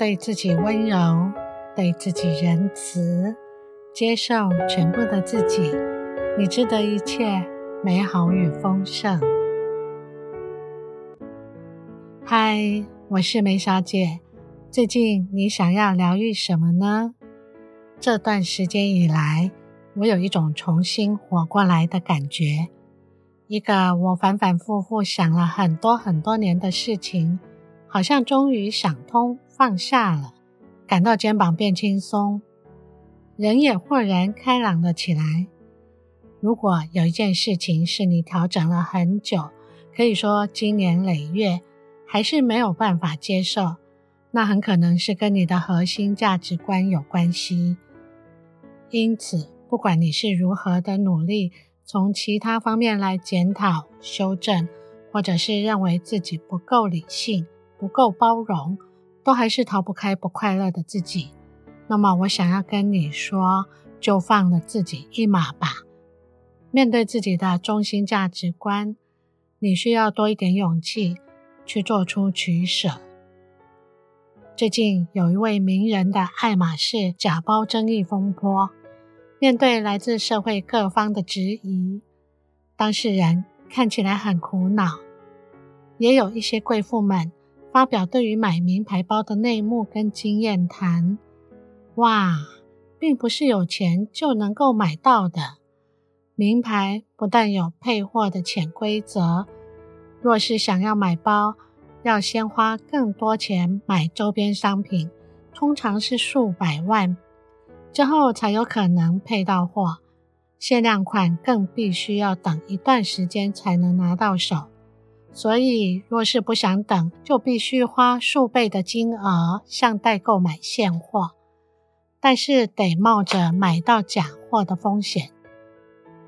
對自己溫柔，對自己仁慈，接受全部的自己，你值得一切美好與豐盛。嗨，我是梅小姐。最近你想要療癒什麼呢？這段時間以來，我有一種重新活過來的感覺。一個我反反复覆想了很多很多年的事情，好像終於想通，放下了，感到肩膀變輕鬆，人也豁然開朗了起來。如果有一件事情是你調整了很久，可以說經年累月，還是沒有辦法接受，那很可能是跟你的核心價值觀有關係。因此，不管你是如何的努力，從其他方面來檢討、修正，或者是認為自己不夠理性、不夠包容。都還是逃不開不快樂的自己，那麼我想要跟你說，就放了自己一馬吧。面對自己的中心價值觀，你需要多一點勇氣去做出取捨。最近有一位名人的愛馬仕假包爭議風波，面對來自社會各方的質疑，當事人看起來很苦惱，也有一些貴婦們。發表對於買名牌包的內幕跟經驗談。哇，並不是有錢就能夠買到的。名牌不但有配貨的潛規則，若是想要買包，要先花更多錢買周邊商品，通常是數百萬，之後才有可能配到貨。限量款更必須要等一段時間才能拿到手。所以，若是不想等，就必須花數倍的金額向代購買現貨，但是得冒着買到假貨的風險。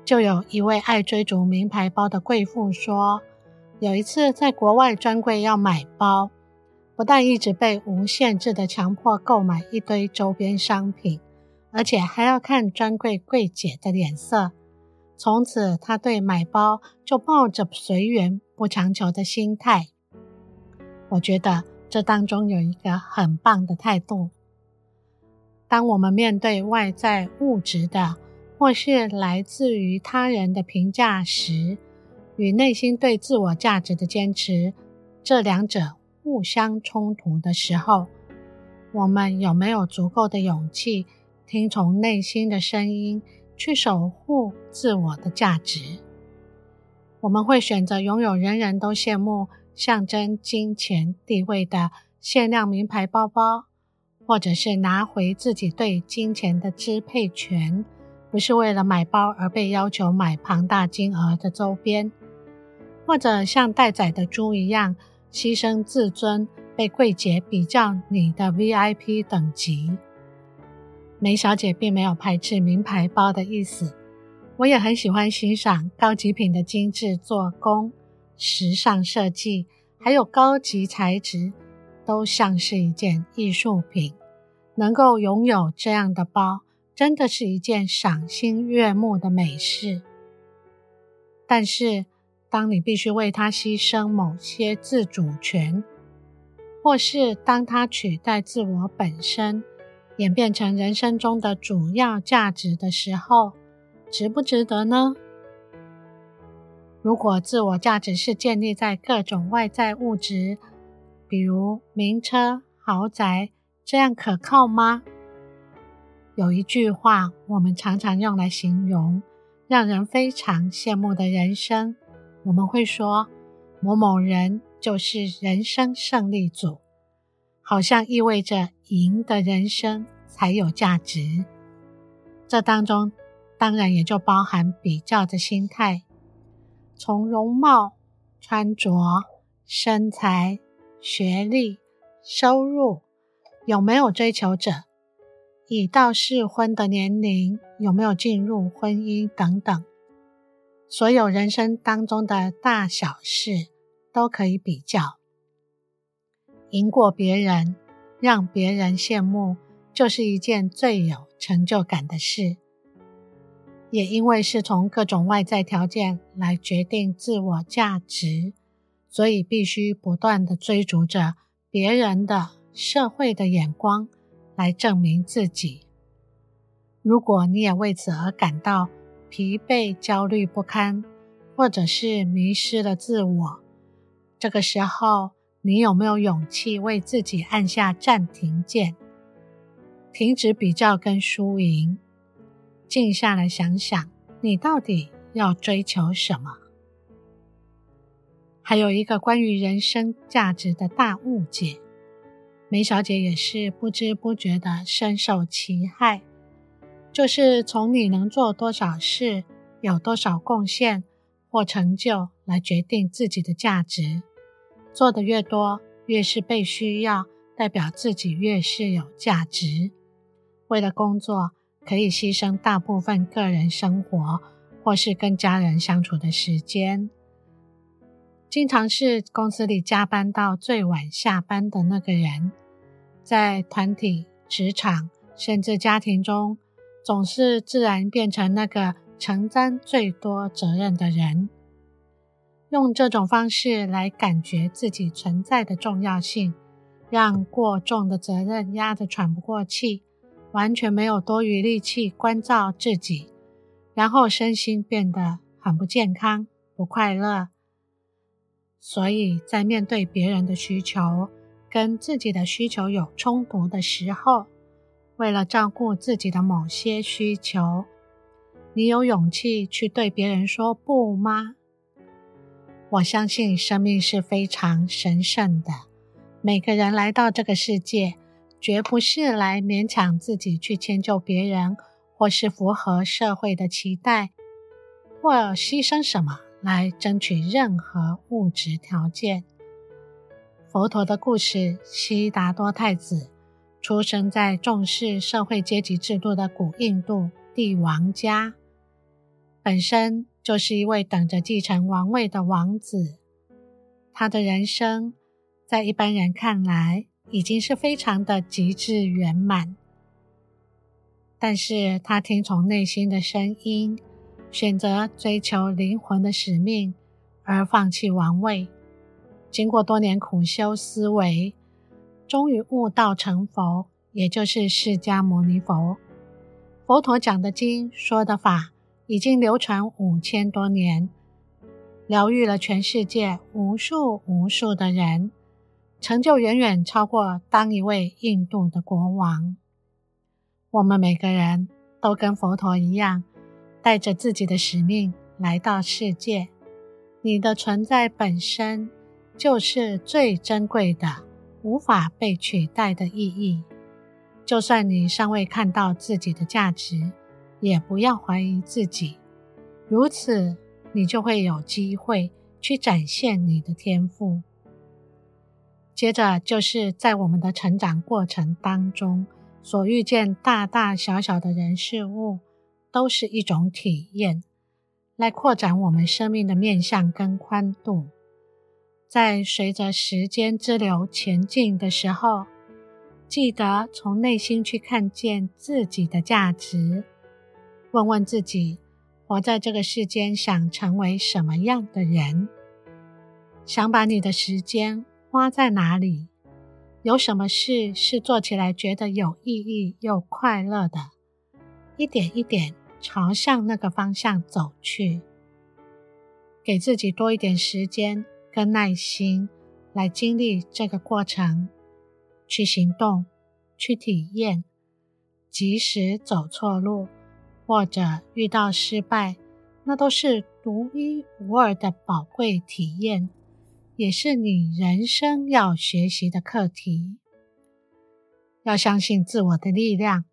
就有一位愛追逐名牌包的貴婦說，有一次在國外專櫃要買包，不但一直被無限制的強迫購買一堆周邊商品，而且還要看專櫃櫃姐的臉色。從此，他對買包就抱着隨緣不強求的心態。我覺得這當中有一個很棒的態度。當我們面對外在物質的，或是來自於他人的評價時，與內心對自我價值的堅持，這兩者互相衝突的時候，我們有沒有足夠的勇氣聽從內心的聲音？去守護自我的價值，我們會選擇擁有人人都羨慕、象徵金錢地位的限量名牌包包，或者是拿回自己對金錢的支配權，不是為了買包而被要求買龐大金額的周邊，或者像待宰的豬一樣犧牲自尊，被櫃姐比較你的 VIP 等級。梅小姐並沒有排斥名牌包的意思，我也很喜歡欣賞高級品的精緻做工、時尚設計，還有高級材質，都像是一件藝術品。能夠擁有這樣的包，真的是一件賞心悅目的美事。但是，當你必須為它犧牲某些自主權，或是當它取代自我本身，演變成人生中的主要價值的時候，值不值得呢？如果自我價值是建立在各種外在物質，比如名車、豪宅，這樣可靠嗎？有一句話，我們常常用來形容讓人非常羨慕的人生，我們會說某某人就是人生勝利組。好像意味着贏的人生才有價值。這當中當然也就包含比較的心態，從容貌、穿着、身材、學歷、收入，有沒有追求者，已到適婚的年齡，有沒有進入婚姻等等，所有人生當中的大小事都可以比較。贏過別人，讓別人羨慕，就是一件最有成就感的事。也因為是從各種外在條件來決定自我價值，所以必須不斷地追逐着別人的、社會的眼光來證明自己。如果你也為此而感到疲憊、焦慮不堪，或者是迷失了自我，這個時候，你有沒有勇氣為自己按下暫停鍵，停止比較跟輸贏，靜下來想想，你到底要追求什麼？還有一個關於人生價值的大誤解，梅小姐也是不知不覺的深受其害，就是從你能做多少事、有多少貢獻或成就來決定自己的價值。做的越多，越是被需要，代表自己越是有價值。為了工作，可以犧牲大部分個人生活，或是跟家人相處的時間。經常是公司裡加班到最晚下班的那個人，在團體、職場甚至家庭中，總是自然變成那個承擔最多責任的人。用這種方式來感覺自己存在的重要性，讓過重的責任壓得喘不過氣，完全沒有多餘力氣關照自己，然後身心變得很不健康、不快樂。所以在面對別人的需求跟自己的需求有衝突的時候，為了照顧自己的某些需求，你有勇氣去對別人說不嗎？我相信生命是非常神聖的。每個人來到這個世界，絕不是來勉強自己去遷就別人，或是符合社會的期待，或犧牲什麼來爭取任何物質條件。佛陀的故事，悉達多太子出生在重視社會階級制度的古印度帝王家，本身。就是一位等着繼承王位的王子，他的人生在一般人看來已經是非常的極致圓滿。但是他聽從內心的聲音，選擇追求靈魂的使命，而放棄王位。經過多年苦修思維，終於悟道成佛，也就是釋迦牟尼佛。佛陀講的經，說的法，已經流傳五千多年，療癒了全世界無數無數的人，成就遠遠超過當一位印度的國王。我們每個人都跟佛陀一樣，帶着自己的使命來到世界。你的存在本身就是最珍貴的，無法被取代的意義。就算你尚未看到自己的價值，也不要懷疑自己，如此你就會有機會去展現你的天賦。接着就是在我們的成長過程當中，所遇見大大小小的人事物，都是一種體驗，來擴展我們生命的面向跟寬度。在隨着時間之流前進的時候，記得從內心去看見自己的價值。問問自己，活在這個世間，想成為什麼樣的人？想把你的時間花在哪裡？有什麼事是做起來覺得有意義又快樂的？一點一點朝向那個方向走去。給自己多一點時間跟耐心，來經歷這個過程，去行動，去體驗。即使走錯路。或者遇到失敗，那都是獨一無二的寶貴體驗，也是你人生要學習的課題。要相信自我的力量，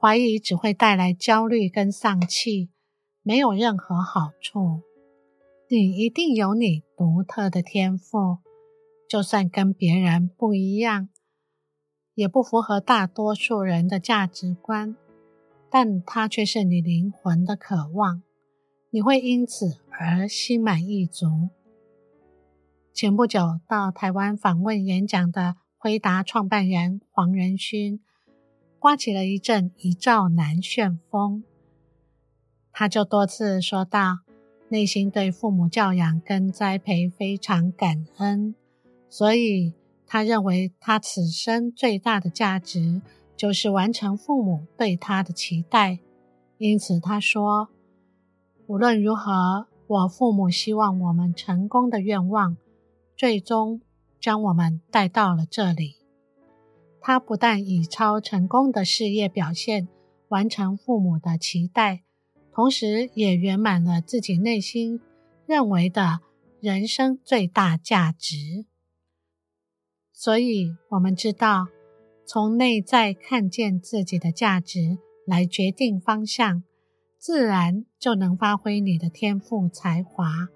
懷疑只會帶來焦慮跟喪氣，沒有任何好處。你一定有你獨特的天賦，就算跟別人不一樣，也不符合大多數人的價值觀。但他卻是你靈魂的渴望，你會因此而心滿意足。前不久到台灣訪問演講的輝達創辦人黃仁勳，刮起了一陣一兆男旋風，他就多次說到，內心對父母教養跟栽培非常感恩，所以他認為他此生最大的價值。就是完成父母對他的期待，因此他說：“無論如何，我父母希望我們成功的願望，最終將我們帶到了這裡。”他不但以超成功的事業表現完成父母的期待，同時也圓滿了自己內心認為的人生最大價值。所以，我們知道，從內在看見自己的價值，來決定方向，自然就能發揮你的天賦才華，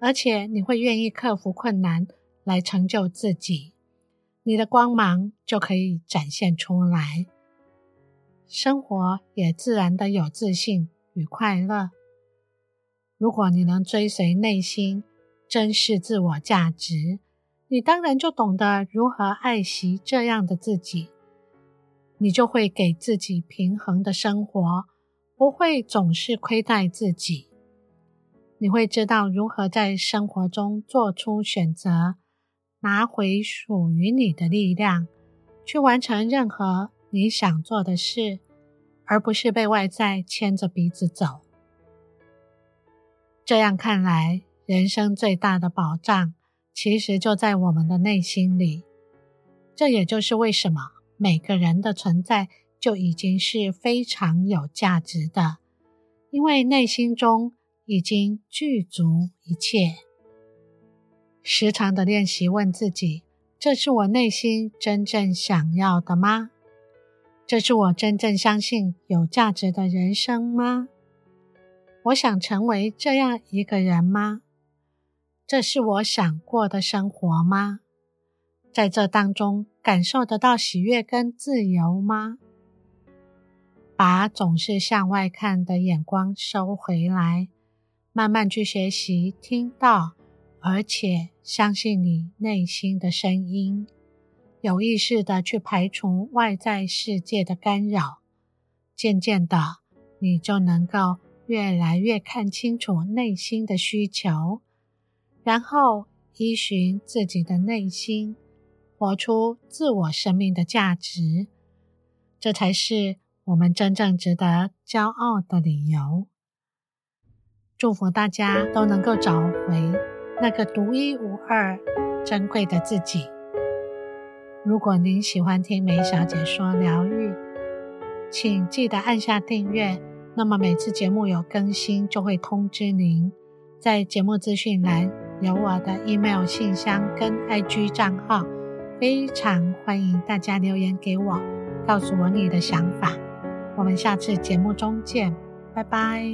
而且你會願意克服困難來成就自己，你的光芒就可以展現出來，生活也自然的有自信與快樂。如果你能追隨內心，珍視自我價值，你當然就懂得如何愛惜這樣的自己。你就會給自己平衡的生活，不會總是虧待自己。你會知道如何在生活中做出選擇，拿回屬於你的力量，去完成任何你想做的事，而不是被外在牽着鼻子走。這樣看來，人生最大的保障其實就在我們的內心裡。這也就是為什麼。每個人的存在就已經是非常有價值的，因為內心中已經具足一切。時常的練習問自己：這是我內心真正想要的嗎？這是我真正相信有價值的人生嗎？我想成為這樣一個人嗎？這是我想過的生活嗎？在這當中，感受得到喜悅跟自由嗎？把總是向外看的眼光收回來，慢慢去學習聽到，而且相信你內心的聲音，有意識的去排除外在世界的干擾，漸漸的，你就能夠越來越看清楚內心的需求，然後依循自己的內心。活出自我生命的價值，這才是我們真正值得驕傲的理由。祝福大家都能夠找回那個獨一無二、珍貴的自己。如果您喜歡聽梅小姐說療癒，請記得按下訂閱，那麼每次節目有更新就會通知您。在節目資訊欄有我的 email 信箱跟 IG 賬號。非常歡迎大家留言給我，告訴我你的想法。我們下次節目中見，拜拜。